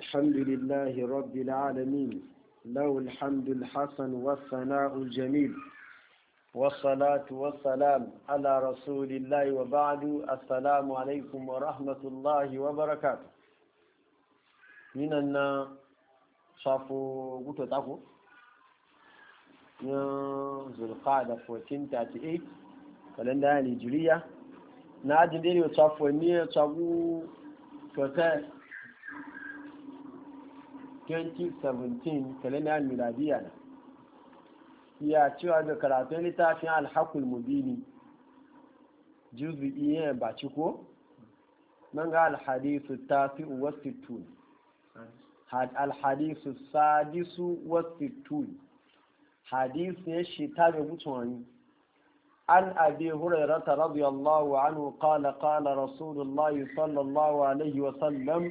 الحمد لله رب العالمين له الحمد الحسن والثناء الجميل والصلاة والسلام على رسول الله وبعد السلام عليكم ورحمة الله وبركاته من أن شافوا قلت تاكو ذو القعدة 1438 كالندا الهجرية نعجل إلي وشافوا 100 شافوا 14 2017 kalenda miladiya na ya cewa da karatun littafin alhakul mubini juzu iya ba ci ko nan ga alhadisu tafi wasu tun alhadisu sadisu wasu tun hadisu ya shi ta da mutuwani an abi هريرة رضي الله عنه قال قال رسول الله صلى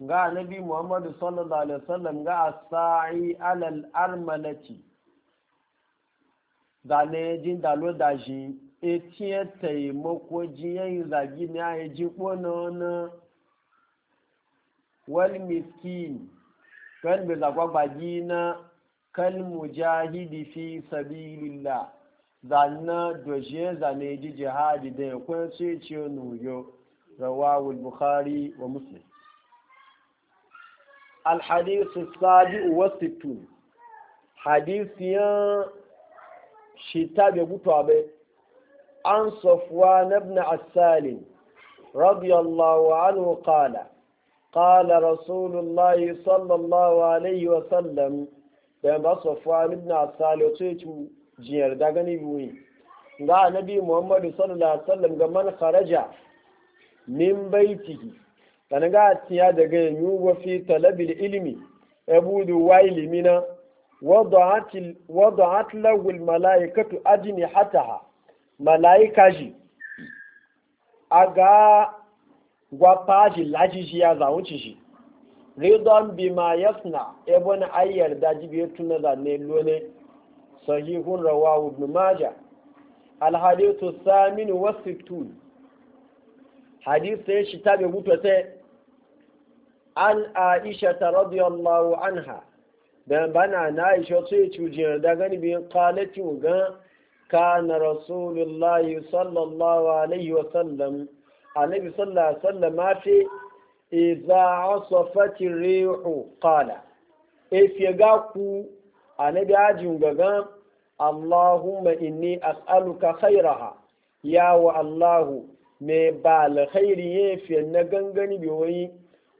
ga annabi muhammadu sallallahu alaihi wasallam ga asai alal armalati da ne jin dalo da shi e tiye taimako e jiyan e zagi ne a e ji kona na wal miskin kan bai zagwa bagi na kal mujahidi fi sabilillah zanna doje zane ji jihadi da ya kwanci ciyo nuyo rawawul bukhari wa muslim alhadisu sabi wasitu hadisiyan shita bai mutuwa bai an safuwa na ibn Salim. radiyallahu anhu qala qala rasulullahi sallallahu alaihi wa sallam da ba safuwa ibn Salim sai ci jiyar da gani biyu ga annabi muhammadu sallallahu alaihi wa sallam ga man kharaja min baitihi kana ga tiya daga yu wa fi talabil ilmi abudu wa ilmina wada'at wada'at lahu al malaikatu ajnihataha malaika ji aga laji ji ya zawunci shi ridon bima yasna ibn ayyar da bi tuna da ne lone sahihun rawahu ibn majah al hadithu thamin wa sittun hadith sai shi tabe mutu sai an aisha radiyallahu anha dan bana na aisha ce cujin da gani biyan kalati ga kana rasulullahi sallallahu alaihi wa sallam annabi sallallahu alaihi wa sallam ma fi idza asafati rihu qala if ya ga ku annabi ajin gaga allahumma inni as'aluka khairaha ya wa allah me ba al khairi yafi na gangani biyoyi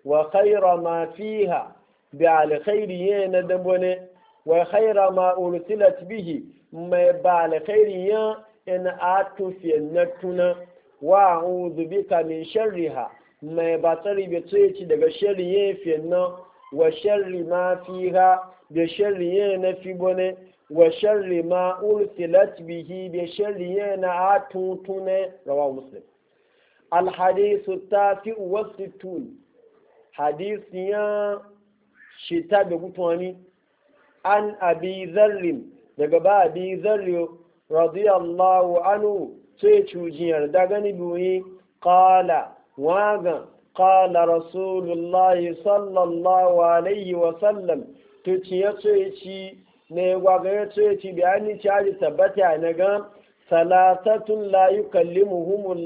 وخير ما فيها بعل خير ينا دبوني وخير ما أرسلت به ما بعل خير ينا إن في النتنا وأعوذ بك من شرها ما بطري بطيتي دغ شر النا وشر ما فيها بشر ينا في بوني وشر ما أرسلت به بشر آتو تنا رواه مسلم الحديث التاسع والستون hadisi ya shita da gutuwani an abi zarrin daga ba abi zarri radiyallahu anu ce cujiyar yarda gani buyi kala waga kala rasulullahi sallallahu alaihi wa sallam to ya ce ci ne gwaga ya ce ci an yi aji tabbata na ga salatatun la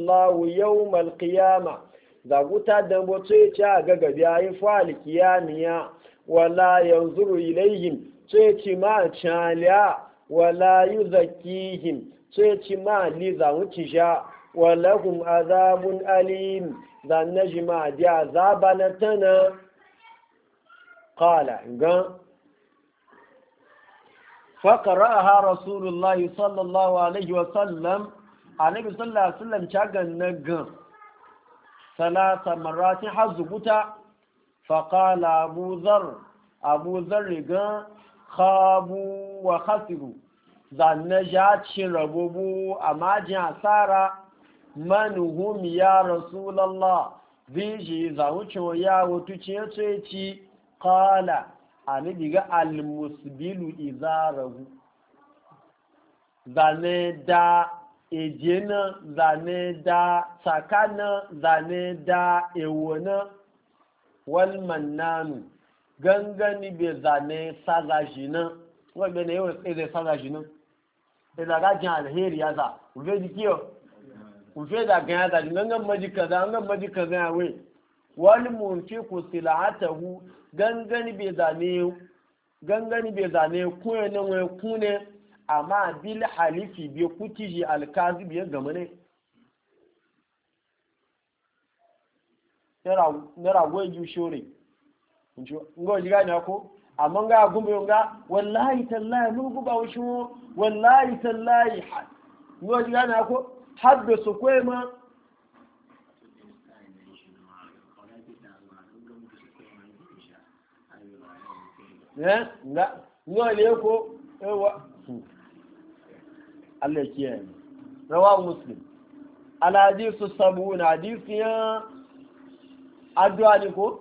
lawu yau malkiyama zaguta da mutu ya ci a gagabi a yi fali kiyamiya wala yanzuru ilayhim ce ci ma caliya wala yi zakihim ce ci ma li zawuci sha wala kun azabun alim na ji ma di azaba na tana kala gan faƙara'aha rasulullahi sallallahu alaihi wasallam alaihi sallallahu alaihi wasallam cagan na gan ثلاث مرات حزبتا فقال ابو ذر ابو ذر خابوا وخسروا نجات شربوا أما جعسارا من هم يا رسول الله ذيجي زوجو يا وتشيتشي قال أنا بيجا المسبل إزاره zane da eje na zane da tsaka zane da ewo na walmannanu gangani be zane sazaji na wanda na yawon tsaye sazaji na da zaga jin alheri ya za ufe jikiyo ufe da ganya da jin gangan maji kaza gangan maji kaza ya wai wani munfi ku silahatahu gangani be zane gangani be zane kuwa na wai kune amma bil halifi bi kutiji alkazi bi gama ne na ragowa yi shore ngo jiga ne ko amma ga gumbe ga wallahi tallahi mun guba wushi wallahi tallahi ngo jiga ne ko hadda su kwe ma ne eh, nga ngo le ewa Allah ya kiyaye mu rawahu muslim al sabuna addu'a ko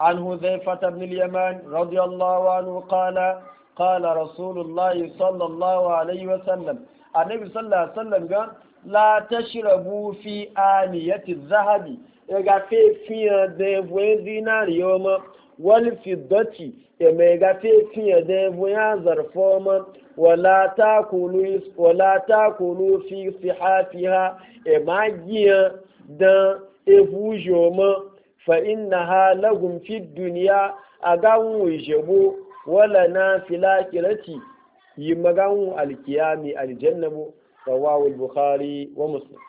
عن حذيفة بن اليمان رضي الله عنه قال قال رسول الله صلى الله عليه وسلم النبي صلى الله عليه وسلم قال لا تشربوا في آنية الذهب يقع في في ديفوين دينار يوم wal fiddati ya mai gafe fiye da ya zarfo man wala ta kunu fi ha ya magiya da efujo ma fa inna ha lagun fi duniya a gawun wujebo wala na filakirati yi magawun alkiyami aljannabu rawawul bukhari wa muslim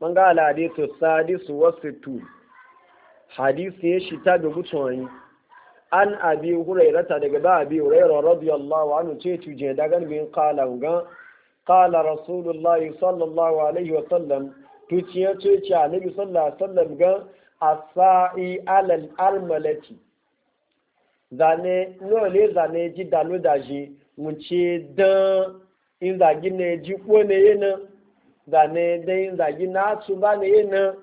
من قال su السادس والستون hadisi ya shita da أبي an abi hurairata daga ba الله عنه تيتو anhu ce قال daga رسول الله صلى الله عليه sallallahu alaihi wa sallam tuciya ce ce annabi sallallahu alaihi wa alal zane no zane ji dalo daji mun ce dan in zagi ne ji ko yana zane dan in zagi na su ba ne yana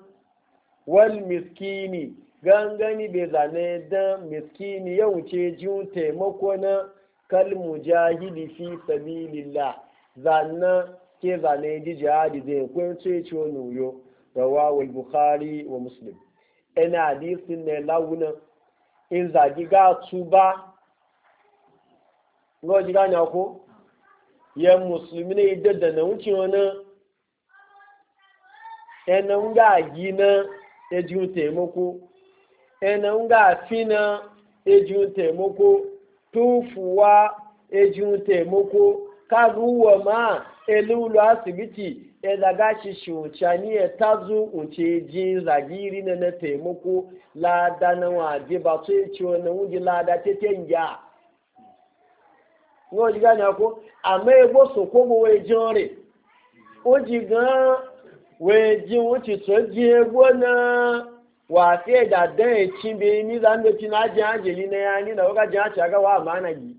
wal miskini gangani bai zane da miskini ya wuce jin taimako na kalmu jahili fi sabilillah zanna ke zane ji jihadi zai kwance ciwo nuyo rawahu bukhari wa muslim ina hadisin ne launa in zagi ga ba ngo ji gani ko ya musulmi ne da da na wuce wani ɗan nan ga gina ejiyun taimako enan gafi na taimako tufuwa ejiyun taimako karuwa ma elulu asibiti ezaga shishi wuce ni ya tazu wuce zagiri na na taimako lada na waje ba su yi ciwo wuji lada ta tengiya ní ọjọ́ gánà kó àmọ́ egbó sòkó gbowó gan ji wuce sojiye gona na da dan ya ci bai ni za ndị na ji hanjeli na ya da waka ji hanci aga wa amana gi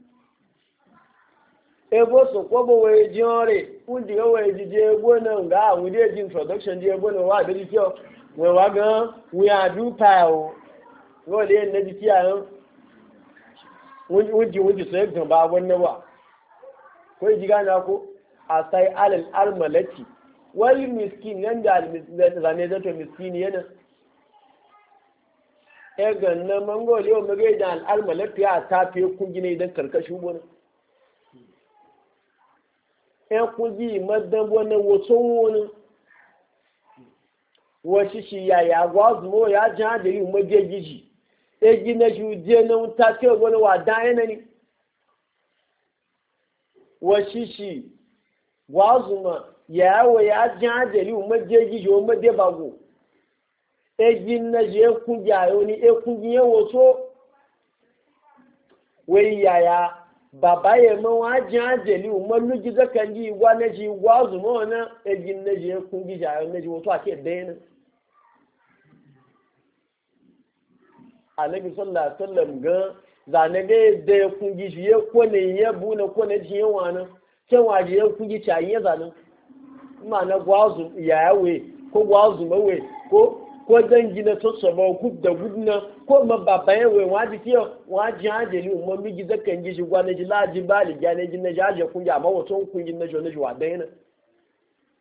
ebo so ko bo ji o ji je gona nga awun ndị ebu introduction je gona wa de ji o we wa gan we a du o wo le ne ji ti an un ji so e gan wa ji gaa na asai wai miskin nan da zane zato miskin yana ya eh, ganna mangol yau magai da al'alma lafiya a tafiye kungi ne idan karkashi eh, wani ya kungi madan wani wasu wani wasu shi ya ya gwazumo ya ji yi mage gizi ya e, gina shi je na wuta ce wani wa da na ne wasu shi gwazuma yàwó yà jẹ́ àjẹ̀lì ọmọdé yíyọ ọmọdé bàgò ẹjì nà yẹ ẹkùnjẹ àyọ ni ẹkùnjẹ yẹn wò tó wẹ́yì yàyà bàbá yẹ mọ wọn àjẹ́ àjẹ̀lì ọmọlójì zẹ́kẹ̀ndì ìwà náà ṣe ìwà ọ̀zùmọ̀ náà ẹjì nà yẹ ẹkùnjẹ àyọ náà ṣe wò tó àti ẹ̀dẹ́ náà. anabi sallallahu alaihi wasallam da ma'ana gwazu yayawe ko gwazu mawe ko ko dangi na sossoba gub da gudna ko ma baba yawe waji kiyo waji haje ni umma miji zakan ji shigwa na ji laji bali ga ne ji na jaje kun ya ma wato kun ji na jona jiwa dai na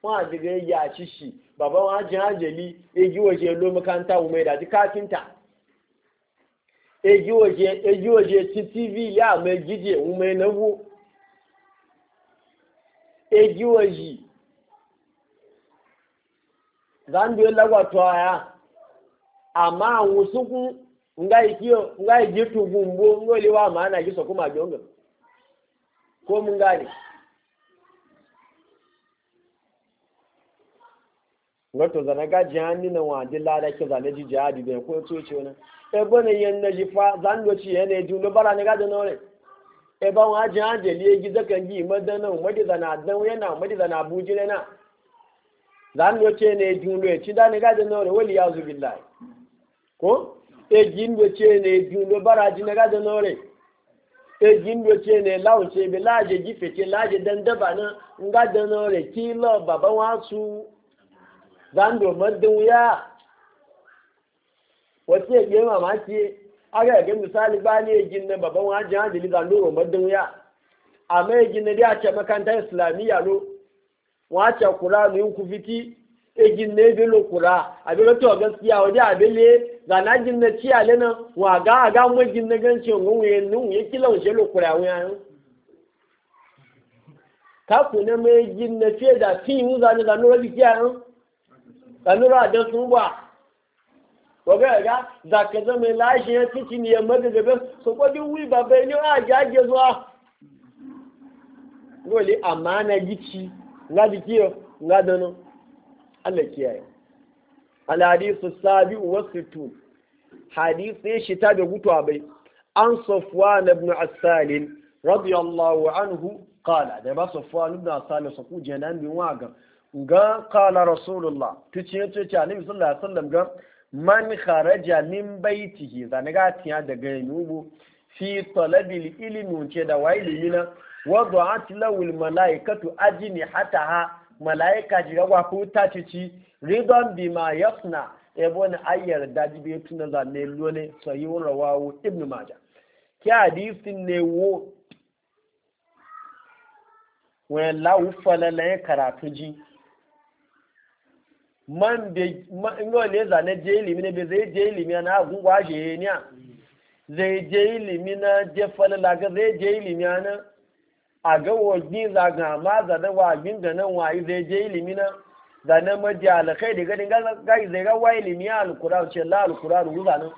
wa ji ga ya ci shi baba waji haje ni e ji waje lo makanta umai da ji kafinta e ji waje e ji waje ti tv ya mai gije umai na wo e ji waje zambiyo lagwatwa ya amma wusuku ngai kiyo ngai jitu gumbo ngoli wa maana jiso kuma jonga ko mun gane wato zana gaji hannu na wadi lada ke zane ji jihadi bai ko coci wani ebe ne yin na jifa zan doci ya ne junu bara ne gaji na wani ebe wa ji hannu da liye gizo kan yi madana umadi zana dan yana umadi zana buji na zan ce ne juno ya ci da ne gaje na wali ya zubi lai ko e jindo ce ne juno baraji na ga na wale e jindo ce ne launce bi laje gife ce laje dan ba na nga da na wale ki lo baba wasu zan do madin ya wace ke mamaki aga ga misali ba ne e jin na baban wajen hadili zan do madin ya amma e jin na da ce makanta islamiyya lo wace kura ne ku fiti egin ne bi lokura a bi rato gaskiya waje a bele ga na jin na ci ale na wa ga ga mu jin na gan cin gun yin nun ya kila wace lokura wa yan ka ku ne mai jin na ce da fi mu za ni da nura bi kiya yan da nura da sun ba Wa ga ga za ka zama lashe ya fici ne yamma da gaban so ko din wi baba ne a jaje zuwa dole amana gici nga jikiyo nga dano Allah kiyaye al hadisu sabi wa sittun hadisi shi ta da gutuwa bai an safwan ibn asal radiyallahu anhu qala da ba safwan ibn asal sa ku janan bin waga ga qala rasulullah tuce tuce annabi sallallahu alaihi wasallam ga man kharaja min baitihi zanaga tiya daga yubu fi talabil ilmi ce da wa ilimina wadda'at lawul malaikatu ajini hata ha malaika jira wa ku tacici ridan bima yasna ebo ne ayar daji be tuna za ne lone sai wa rawu ibnu maja ki hadisi ne wo wa la ufala la karatu ji man de ngo le za ne je ilimi ne be je ilimi na agun wa je ni a je ilimi na je fala la ga je ilimi na a ga waje zaga ma za da wajin da nan wayi zai je ilimi na. Zane nan maji alakai da gani gai zai ga wayi ilimi a alkuran ce la alkuran ruza nan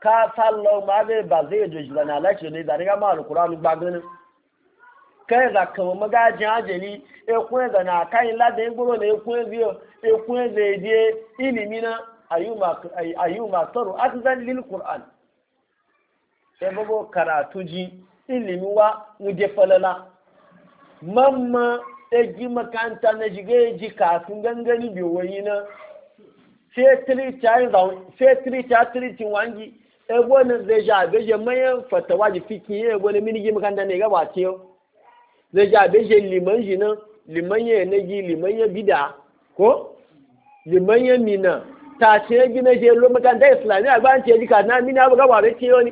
ka sallo ma zai ba zai yi shi na lace ne da ga ma alkuran ba ganin kai za ka magajin ajali e kun da na kai la da e ngoro ne e kun biyo e kun zai je ilimi nan ayuma a saru azan lil qur'an sai e bago karatu ji ilimi wa mu je falala mamma ɗaji e makanta na jige ji kafin gangani biyu wani na fetri ta tiritin wangi ebo na zai ja abeje mayan fatawa ji fikin yi ebo na minigi makanta ne gaba ce yau zai ja abeje liman ji na liman ya nagi liman ya bida ko liman ya mina ta ce ya gina je lo makanta islamiyya ba an ce ji kafin na mini abu gaba da ce yau ne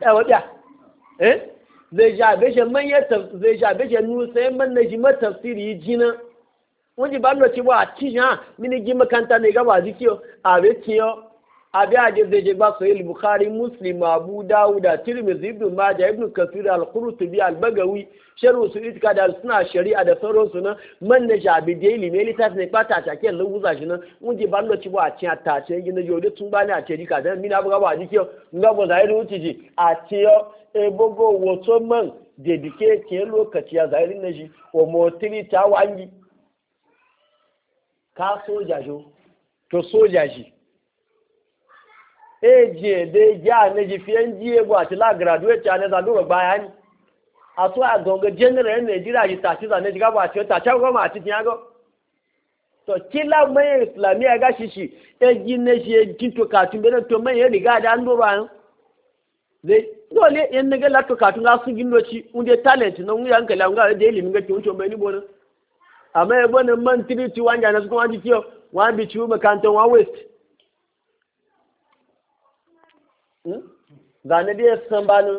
ɗaya wajen eh zai ja beshe manya zai ja beshe nu sai na ji matafsiri jina wọ́n ti bá lọ ti wá àtijọ́ mí ní gí kanta ní ìgbàwá àdìkí ọ ààrẹ abi hadis da ba sahih bukhari muslim abu dauda tirmidhi ibn majah ibn kathir al-qurtubi al-bagawi sharh sulit ka da suna shari'a da sauran su na man na jabi daily ne litas ne pata ta ke luguza shi nan mun ji ban lokaci ba a cin ta ce gina jode tun bani a ce dika dan mina buga ba dikio nga bo zai ruti a ce yo e bogo woto man dedike ke lokaci ya zairin na shi o motiri ta wangi ka soja jo to soja shi eji ede eji ane ji eji fie ndị egwu achịla graduate anyị zaga ụgbọgba ya anyị atụ agụngụ general naijiria ji tachiza na ejiga bụ achị tachi agụgọ ma achịtị tinyago. to kila mai islamiyya ga shishi eji na eji to katun bene mmanya eri ya riga da ndo ba zai dole yan naga la to katun ga su gindo ci unde talent na unga hankali unga da ilimi ga ki unto mai ni bonan amma ya bonan man 3 1 ga na su kuma ji kiyo wan bi ciwo makantan wan waste Hmm? zane biya san bani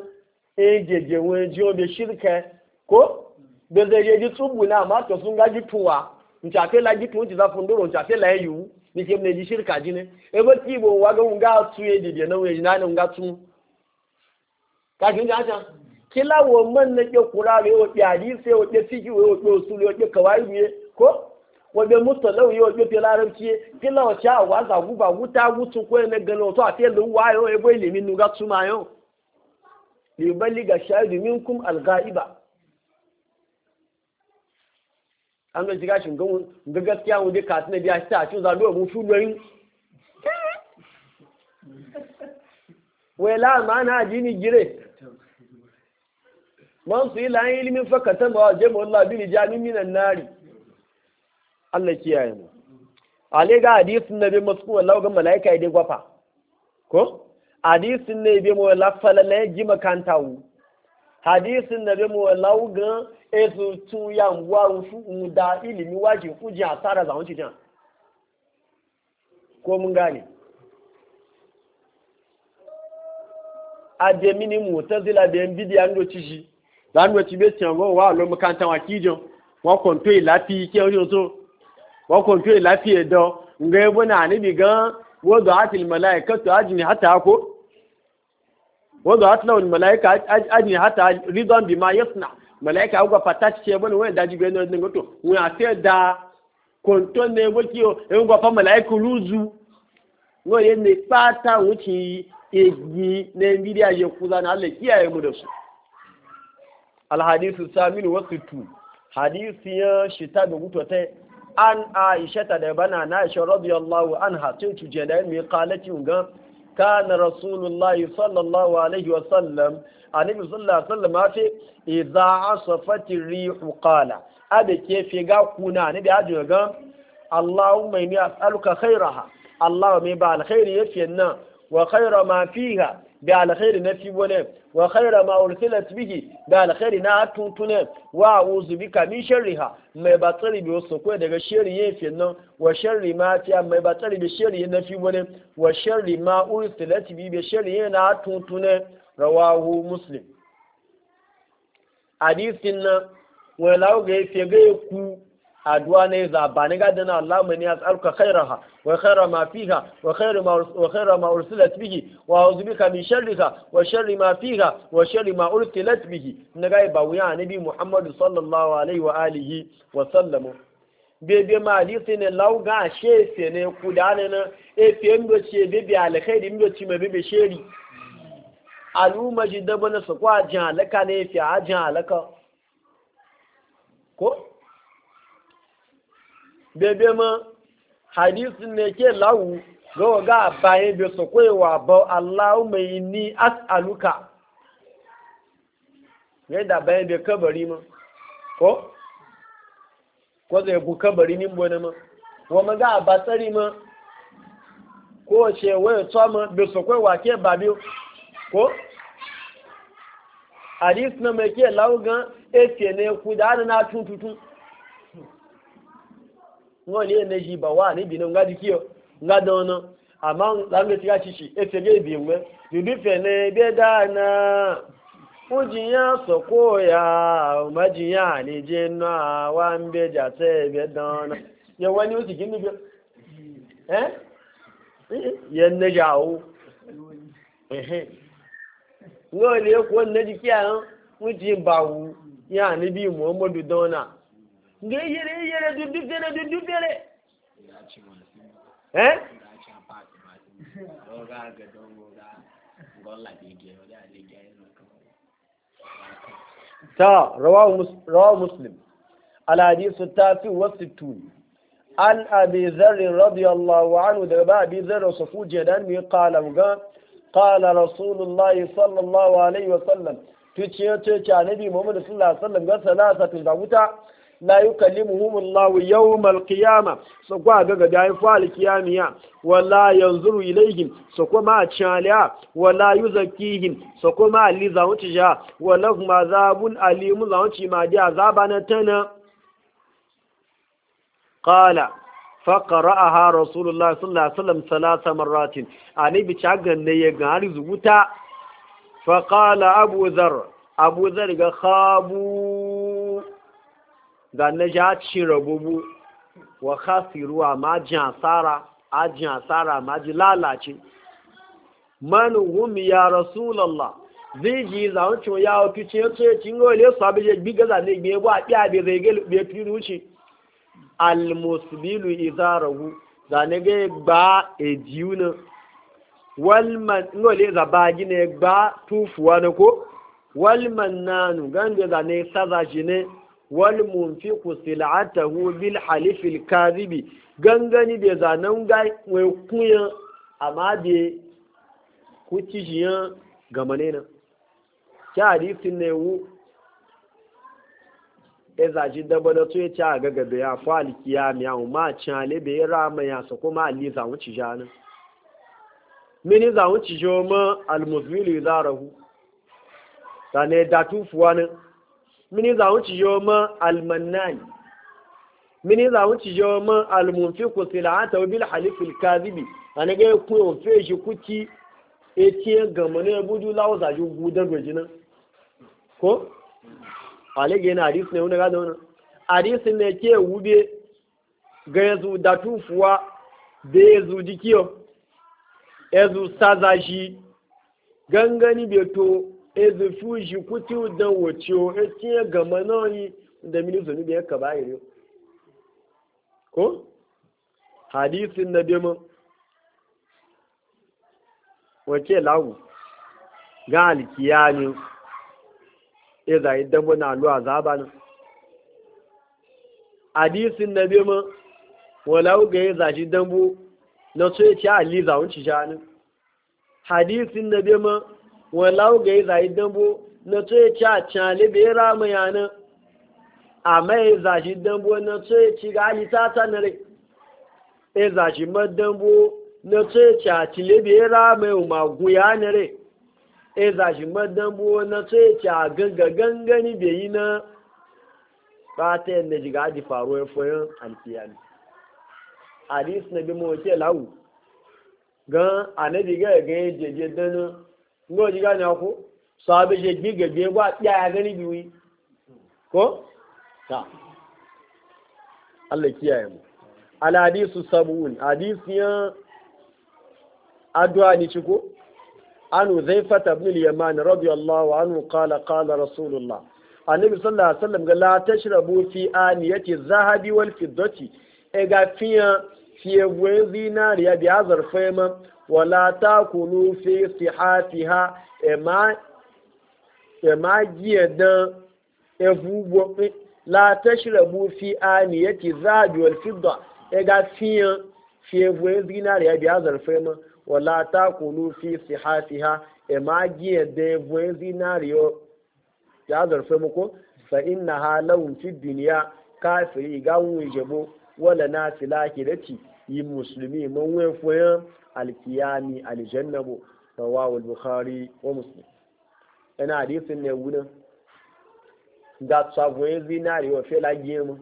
eh jeje wani jiyo bai shirka ko bai zai jeji tsubu na ma to sun gaji tuwa ncafe la jitu nti za fundoro ncafe la e yu ni ke ne shirka jine e ba ti bo wa ga nga tu e ye de na we na nga tu ka kin ja kila wo man na ke kula le o ya di se o de ti ki o do su le o de kawai ye ko wabe mustalau yau wabe fi larabci kila wace a wasa guba wuta gutun ko na gani wato a fiye luwa yau ya bai limin nuga tuma yau libali ga shaidu minkum alga'iba an ga shiga shi ga gaskiya wunde kasu na biya shi ta cin zaɗo mun fi lori wai la'ama na ajini gire man su yi la'ayin ilimin fakatan ba wa jami'ar labini jami'in minan nari Allah kiyaye mu ale ga hadisin nabi masku wallahi ga malaika idai gwafa ko hadisin ne bi mu wallahi falala ji makanta wu hadisin nabi mu wallahi ga ezu eh, tu ya ngwa su da ilimi waji kuji asara za wuci jan ko mun gane ademini mutazila da yan bidiyan doci shi da an doci bai tiyan gowa a lo makanta wa kijin wa kwanto ilafi ke wajen so wakon fiye lafiya da ga yabo na anibi gan wadda atil mala'ika to ajini hata ko wadda atlaul mala'ika ajini hata ridon bi ma yasna mala'ika ga fata ce bane wani daji bai nan goto wani ate da konton ne waki yo en ga fa mala'ika luzu no yen ne pata wuci egi ne bidiya ya kuza na Allah kiyaye mu da su al hadithu saminu wa hadisi ya shita da gutota an aisha ta da bana na aisha radiyallahu anha tun tuje da mai kalatin ga kana rasulullahi sallallahu alaihi wa sallam annabi sallallahu alaihi wa sallam afi idza asafati rihu qala ada ke fi ga kuna ne da ajiyo ga allahumma inni as'aluka khairaha allahumma ba alkhairi yafi nan wa khaira ma fiha da alkhairi na fi wani wa khaira ma ursilat bihi da alkhairi na tuntune wa uzu bika kamin sharriha mai batsari bi wasu daga sharri yin fi nan wa sharri ma fi mai batsari bi sharri na fi wani wa sharri ma ursilat bihi bi sharri na tuntune rawahu muslim hadisin nan wala ga fi ga ku addu'a ne ga dana Allah mai ya tsarka khairaha wa khaira ma fiha wa khaira ma wa khaira ma ursilat bihi wa a'udhu bika min sharriha wa sharri ma fiha wa sharri ma ursilat bihi ga ba wuya annabi Muhammad sallallahu alaihi wa alihi wa sallam be ma hadisi ne lauga shefe ne kudane na efe ndo ce al khairi ndo ce ma be sheri aluma jidda bana su kwa jan halaka ne fi a jan halaka ko bebe ma hadisin na ke lawu gawa ga bayan bai su kwaiwa ba Allah mai ni as'aluka kabari ma ko ko bu kabari ni bo ne ma wa ma ga ba ma ko ma ke ko na lawu ga da na ngo ne ne ba wa ni bi ngadi kiyo ngado no ama lange ti achichi etege bi bibi fe ne be dana soko ya umajiya ni je wa mbe ja te ye wani o ti gini bi eh ye o eh le ko ya ni bi muhammadu dana ngeyere yere duddutere duddutere eh تا رواه رواه مسلم حديث التاسع والستون عن أبي ذر رضي الله عنه دبا أبي ذر وصفو جدان قال قال رسول الله صلى الله عليه وسلم تشيو تشيو نبي محمد صلى الله عليه وسلم قال ثلاثة تجدعوتا la yukallimuhum Allah yawm al-qiyama so ko ga ga dai fa al-qiyamiya wala yanzuru ilayhim so ko ma chaliya wala yuzakkihim so ko ma li zawuci ja wala hum azabun alim zawuci ma di azaba na tana qala faqara'aha rasulullah sallallahu alaihi wasallam salasa marratin ani bi chagan ne ya ga rizuta faqala abu dhar abu dhar ga khabu ga na ji hacin rabubu wa khasiru ma ji asara a ji asara ma ji lalace man wumi ya rasulallah zai ji zaunci ya wafi ce ya ce cin gole su abin ya gbi gaza ne gbe ba ɗiya bai zai bi bai fi nuci almusbilu izarahu da ne ge gba e man walman le za ba gine gba tufuwa na ko walman nanu gande da ne saza shi ne wal munfiqu sil'atahu bil halifil kadhibi gangani be zanan gai we kuya amma da kuci gamane na ki hadisin ne wu e ji daba da to ya ci a gaga da ya fa mi ya ma chale be rama ya so kuma ali za mu ci jana mini za mu ci jo ma almuzmili zarahu da datu fuwanin mini za wuci yo ma almannan mini za wuci yo ma ku sil'ata bil halif al kadhibi ana ga ku yo fe shi kuki etiye gama ne budu lawo za ju gudan gojina ko ale ge na hadis ne wona ga da wona hadis ne ke wube ga yazu da tufuwa da yazu dikiyo yazu sazaji gangani beto ezufu shi kuti udan wace o etinye gama nani da mini da ya ba iri ko hadisin na ma. wace lagu ga alkiya ne ya yi dabo na a zaba na hadisin na bema walau ga ya zashi dambo na so ya ci aliza wuce shanu hadisin na ma. walau ga yi zai dambo na tsoye ci a can libe ya rama yana a mai zashi dambo na tsoye ci ga ali ta sanare e zashi ma dambo na tsoye ci a ci libe ra rama yau ma guya na re e zashi ma dambo na tsoye ci a ganga gangani bai yi na ba ta yadda jiga adi faruwar foyon alkiyami hadis na bi mawace lawu gan anabi ga ga jeje dana ngo ji gane ko sabe je giga je ba ya ni biwi ko ta Allah kiyaye mu al hadisu sabun ya adwa ni ciko anu zaifata ibn al-yaman radiyallahu anhu qala qala rasulullah annabi sallallahu alaihi wasallam ga la tashrabu fi aniyati zahabi wal fiddati e ga fiya fiye gwen zinariya bi azarfa ma wala ta kunu fi sihatiha e ma giya dan evubo la tashrabu fi ya aniyati zabi wal fidda e ga fiyan fi evu zinari ya biya zarfe ma wala ta kunu fi sihatiha e ma giya dan evu zinari ya zarfe ma ko fa ha lawun fi duniya kafiri ga wun jebo wala na filaki dati yi musulmi man wen foyan alkiyami aljannabu rawawul bukhari wa muslim ina hadisin ne wurin ga tsagwaye zinari wa fela gema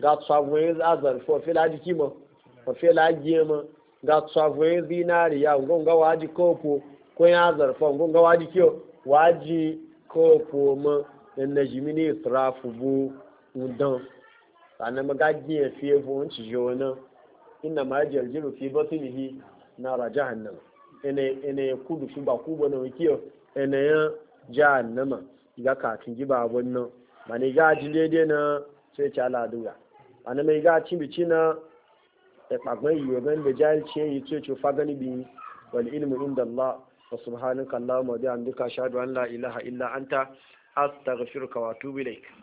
ga tsagwaye azarfi wa fela jiki ma wa fela gema ga tsagwaye zinari ya gunga waji kopo ko ya zarfa gunga waji kiyo waji kopo ma na jimini israfu bu udan sannan magajiyar fiye bu wanci jona inda ma jirgiru fi batinihi nara jahannama ene ya kudu shi ba kubo na wakiyo ene ya jahannama ga katin giba abun nan ba ne ga ji daidai na sai ci ala dura ba na mai ga cin e bici na ɗaɓɓaɓɓen yi yogan da jahilci yi ce ce fagani bi wal ilmu inda Allah wa subhanaka Allahumma wa bihamdika ashhadu an la ilaha illa anta astaghfiruka wa atubu ilaik